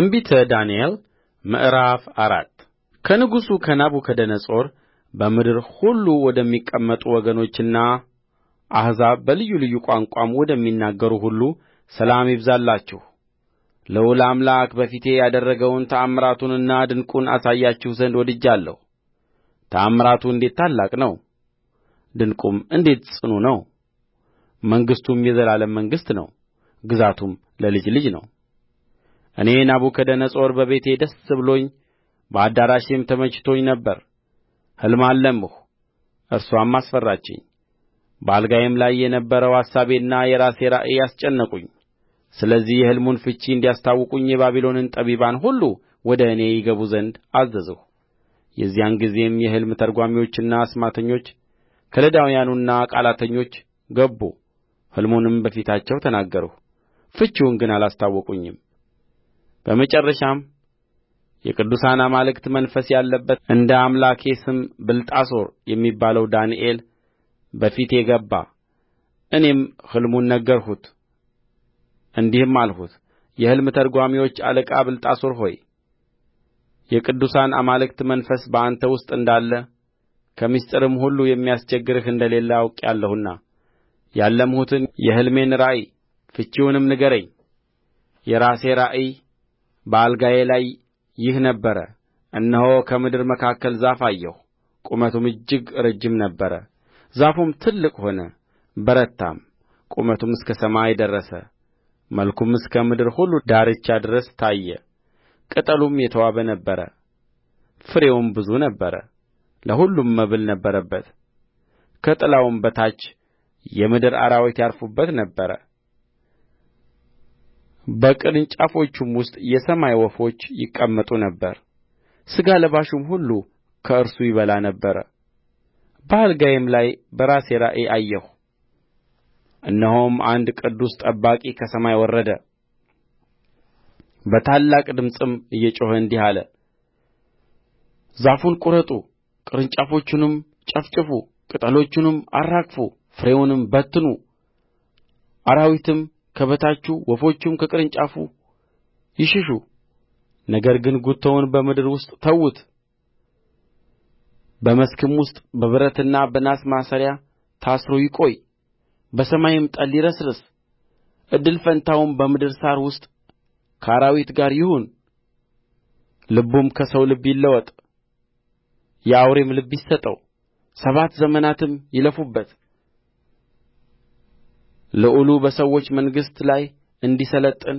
ትንቢተ ዳንኤል ምዕራፍ አራት ከንጉሡ ከናቡከደነፆር በምድር ሁሉ ወደሚቀመጡ ወገኖችና አሕዛብ በልዩ ልዩ ቋንቋም ወደሚናገሩ ሁሉ ሰላም ይብዛላችሁ። ልዑል አምላክ በፊቴ ያደረገውን ተአምራቱንና ድንቁን አሳያችሁ ዘንድ ወድጃለሁ። ተአምራቱ እንዴት ታላቅ ነው! ድንቁም እንዴት ጽኑ ነው! መንግሥቱም የዘላለም መንግሥት ነው፣ ግዛቱም ለልጅ ልጅ ነው። እኔ ናቡከደነፆር በቤቴ ደስ ብሎኝ በአዳራሼም ተመችቶኝ ነበር ሕልም አለምሁ እርስዋም አስፈራችኝ በአልጋዬም ላይ የነበረው አሳቤና የራሴ ራእይ አስጨነቁኝ ስለዚህ የሕልሙን ፍቺ እንዲያስታውቁኝ የባቢሎንን ጠቢባን ሁሉ ወደ እኔ ይገቡ ዘንድ አዘዝሁ የዚያን ጊዜም የሕልም ተርጓሚዎችና አስማተኞች ከለዳውያኑና ቃላተኞች ገቡ ሕልሙንም በፊታቸው ተናገርሁ ፍቺውን ግን አላስታወቁኝም በመጨረሻም የቅዱሳን አማልክት መንፈስ ያለበት እንደ አምላኬ ስም ብልጣሶር የሚባለው ዳንኤል በፊቴ ገባ እኔም ሕልሙን ነገርሁት እንዲህም አልሁት የሕልም ተርጓሚዎች አለቃ ብልጣሶር ሆይ የቅዱሳን አማልክት መንፈስ በአንተ ውስጥ እንዳለ ከምሥጢርም ሁሉ የሚያስቸግርህ እንደሌለ አውቄአለሁና ያለምሁትን የሕልሜን ራእይ ፍቺውንም ንገረኝ የራሴ ራእይ በአልጋዬ ላይ ይህ ነበረ እነሆ ከምድር መካከል ዛፍ አየሁ ቁመቱም እጅግ ረጅም ነበረ ዛፉም ትልቅ ሆነ በረታም ቁመቱም እስከ ሰማይ ደረሰ መልኩም እስከ ምድር ሁሉ ዳርቻ ድረስ ታየ ቅጠሉም የተዋበ ነበረ ፍሬውም ብዙ ነበረ ለሁሉም መብል ነበረበት ከጥላውም በታች የምድር አራዊት ያርፉበት ነበር። በቅርንጫፎቹም ውስጥ የሰማይ ወፎች ይቀመጡ ነበር ሥጋ ለባሹም ሁሉ ከእርሱ ይበላ ነበር በአልጋዬም ላይ በራሴ ራእይ አየሁ እነሆም አንድ ቅዱስ ጠባቂ ከሰማይ ወረደ በታላቅ ድምፅም እየጮኸ እንዲህ አለ ዛፉን ቍረጡ ቅርንጫፎቹንም ጨፍጭፉ ቅጠሎቹንም አራግፉ ፍሬውንም በትኑ አራዊትም ከበታቹ ወፎቹም ከቅርንጫፉ ይሽሹ ነገር ግን ጉቶውን በምድር ውስጥ ተዉት በመስክም ውስጥ በብረትና በናስ ማሰሪያ ታስሮ ይቈይ በሰማይም ጠል ይረስርስ እድል ፈንታውም በምድር ሣር ውስጥ ከአራዊት ጋር ይሁን ልቡም ከሰው ልብ ይለወጥ የአውሬም ልብ ይሰጠው ሰባት ዘመናትም ይለፉበት ልዑሉ በሰዎች መንግሥት ላይ እንዲሠለጥን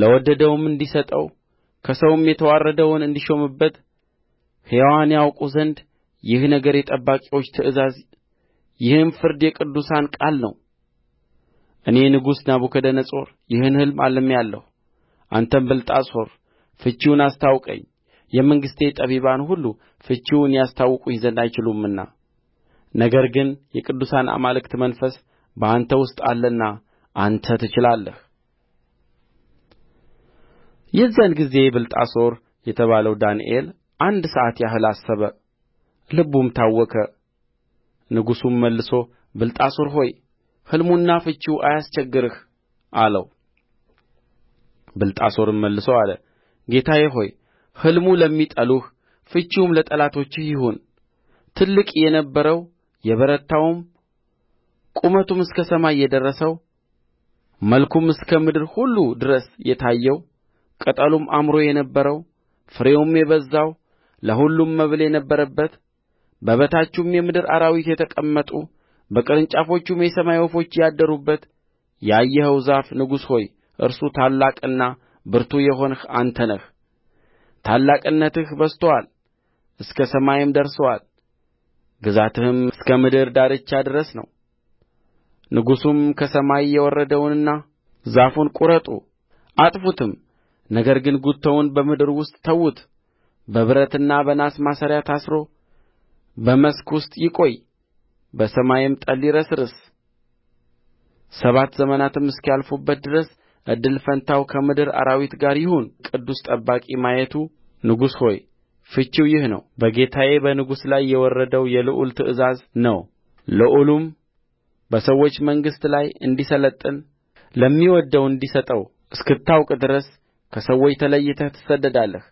ለወደደውም እንዲሰጠው ከሰውም የተዋረደውን እንዲሾምበት ሕያዋን ያውቁ ዘንድ ይህ ነገር የጠባቂዎች ትእዛዝ ይህም ፍርድ የቅዱሳን ቃል ነው እኔ ንጉሡ ናቡከደነፆር ይህን ሕልም አልሜአለሁ አንተም ብልጣሶር ፍቺውን አስታውቀኝ የመንግሥቴ ጠቢባን ሁሉ ፍቺውን ያስታውቁኝ ዘንድ አይችሉምና ነገር ግን የቅዱሳን አማልክት መንፈስ በአንተ ውስጥ አለና አንተ ትችላለህ የዚያን ጊዜ ብልጣሶር የተባለው ዳንኤል አንድ ሰዓት ያህል አሰበ ልቡም ታወከ ንጉሡም መልሶ ብልጣሶር ሆይ ሕልሙና ፍቺው አያስቸግርህ አለው ብልጣሶርም መልሶ አለ ጌታዬ ሆይ ሕልሙ ለሚጠሉህ ፍቺውም ለጠላቶችህ ይሁን ትልቅ የነበረው የበረታውም ቁመቱም እስከ ሰማይ የደረሰው መልኩም እስከ ምድር ሁሉ ድረስ የታየው ቅጠሉም አምሮ የነበረው ፍሬውም የበዛው ለሁሉም መብል የነበረበት በበታቹም የምድር አራዊት የተቀመጡ በቅርንጫፎቹም የሰማይ ወፎች ያደሩበት ያየኸው ዛፍ ንጉሥ ሆይ እርሱ ታላቅና ብርቱ የሆንህ አንተ ነህ። ታላቅነትህ በዝቶአል፣ እስከ ሰማይም ደርሶአል። ግዛትህም እስከ ምድር ዳርቻ ድረስ ነው። ንጉሡም ከሰማይ የወረደውንና ዛፉን ቍረጡ አጥፉትም ነገር ግን ጉቶውን በምድር ውስጥ ተዉት በብረትና በናስ ማሰሪያ ታስሮ በመስክ ውስጥ ይቈይ በሰማይም ጠል ይረስርስ ሰባት ዘመናትም እስኪያልፉበት ድረስ እድል ፈንታው ከምድር አራዊት ጋር ይሁን ቅዱስ ጠባቂ ማየቱ ንጉሥ ሆይ ፍቺው ይህ ነው በጌታዬ በንጉሥ ላይ የወረደው የልዑል ትእዛዝ ነው ልዑሉም በሰዎች መንግሥት ላይ እንዲሠለጥን ለሚወድደው እንዲሰጠው እስክታውቅ ድረስ ከሰዎች ተለይተህ ትሰደዳለህ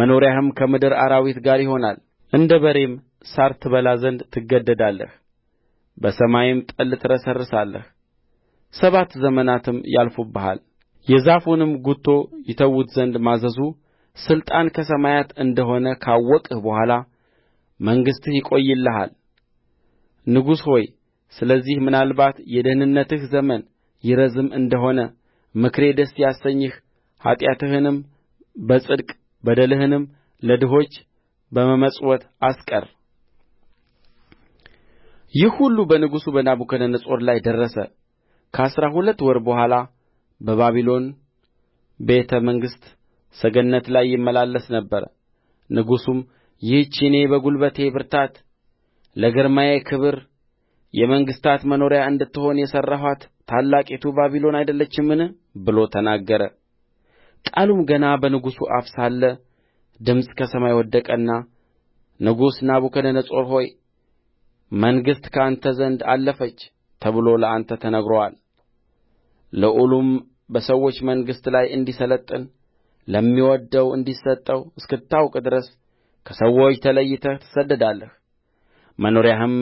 መኖሪያህም ከምድር አራዊት ጋር ይሆናል እንደ በሬም ሣር ትበላ ዘንድ ትገደዳለህ በሰማይም ጠል ትረሰርሳለህ ሰባት ዘመናትም ያልፉብሃል የዛፉንም ጉቶ ይተዉት ዘንድ ማዘዙ ሥልጣን ከሰማያት እንደሆነ ካወቅህ በኋላ መንግሥትህ ይቈይልሃል ንጉሥ ሆይ ስለዚህ ምናልባት የደኅንነትህ ዘመን ይረዝም እንደ ሆነ ምክሬ ደስ ያሰኝህ ኃጢአትህንም በጽድቅ በደልህንም ለድሆች በመመጽወት አስቀር ይህ ሁሉ በንጉሡ በናቡከደነፆር ላይ ደረሰ ከአሥራ ሁለት ወር በኋላ በባቢሎን ቤተ መንግሥት ሰገነት ላይ ይመላለስ ነበር ንጉሡም ይህች እኔ በጕልበቴ ብርታት ለግርማዬ ክብር የመንግሥታት መኖሪያ እንድትሆን የሠራኋት ታላቂቱ ባቢሎን አይደለችምን ብሎ ተናገረ ቃሉም ገና በንጉሡ አፍ ሳለ ድምፅ ከሰማይ ወደቀና ንጉሥ ናቡከደነፆር ሆይ መንግሥት ከአንተ ዘንድ አለፈች ተብሎ ለአንተ ተነግሮአል ልዑሉም በሰዎች መንግሥት ላይ እንዲሠለጥን ለሚወድደው እንዲሰጠው እስክታውቅ ድረስ ከሰዎች ተለይተህ ትሰደዳለህ መኖሪያህም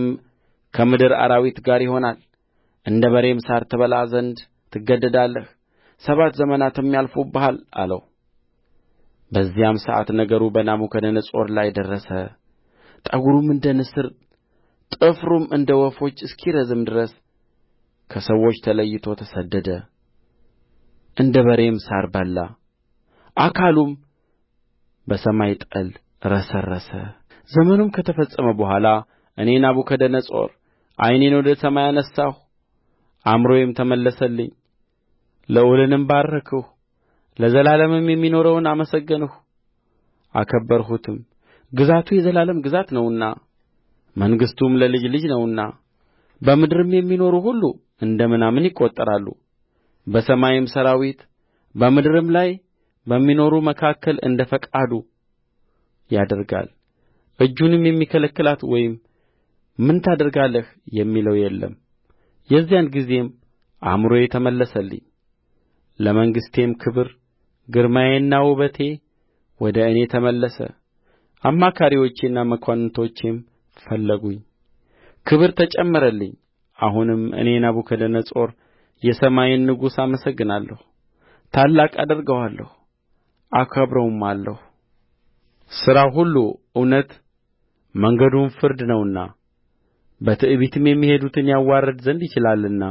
ከምድር አራዊት ጋር ይሆናል እንደ በሬም ሣር ትበላ ዘንድ ትገደዳለህ ሰባት ዘመናትም ያልፉብሃል አለው በዚያም ሰዓት ነገሩ በናቡከደነፆር ላይ ደረሰ ጠጕሩም እንደ ንስር ጥፍሩም እንደ ወፎች እስኪረዝም ድረስ ከሰዎች ተለይቶ ተሰደደ እንደ በሬም ሣር በላ አካሉም በሰማይ ጠል ረሰረሰ ዘመኑም ከተፈጸመ በኋላ እኔ ናቡከደነፆር ዓይኔን ወደ ሰማይ አነሣሁ አእምሮዬም ተመለሰልኝ ልዑልንም ባረክሁ ለዘላለምም የሚኖረውን አመሰገንሁ አከበርሁትም ግዛቱ የዘላለም ግዛት ነውና መንግሥቱም ለልጅ ልጅ ነውና በምድርም የሚኖሩ ሁሉ እንደ ምናምን ይቈጠራሉ በሰማይም ሠራዊት በምድርም ላይ በሚኖሩ መካከል እንደ ፈቃዱ ያደርጋል እጁንም የሚከለክላት ወይም ምን ታደርጋለህ የሚለው የለም የዚያን ጊዜም አእምሮዬ ተመለሰልኝ ለመንግሥቴም ክብር ግርማዬና ውበቴ ወደ እኔ ተመለሰ አማካሪዎቼና መኳንንቶቼም ፈለጉኝ ክብር ተጨመረልኝ አሁንም እኔ ናቡከደነፆር የሰማይን ንጉሥ አመሰግናለሁ ታላቅ አደርገዋለሁ አከብረውማለሁ ሥራው ሁሉ እውነት መንገዱም ፍርድ ነውና በትዕቢትም የሚሄዱትን ያዋርድ ዘንድ ይችላልና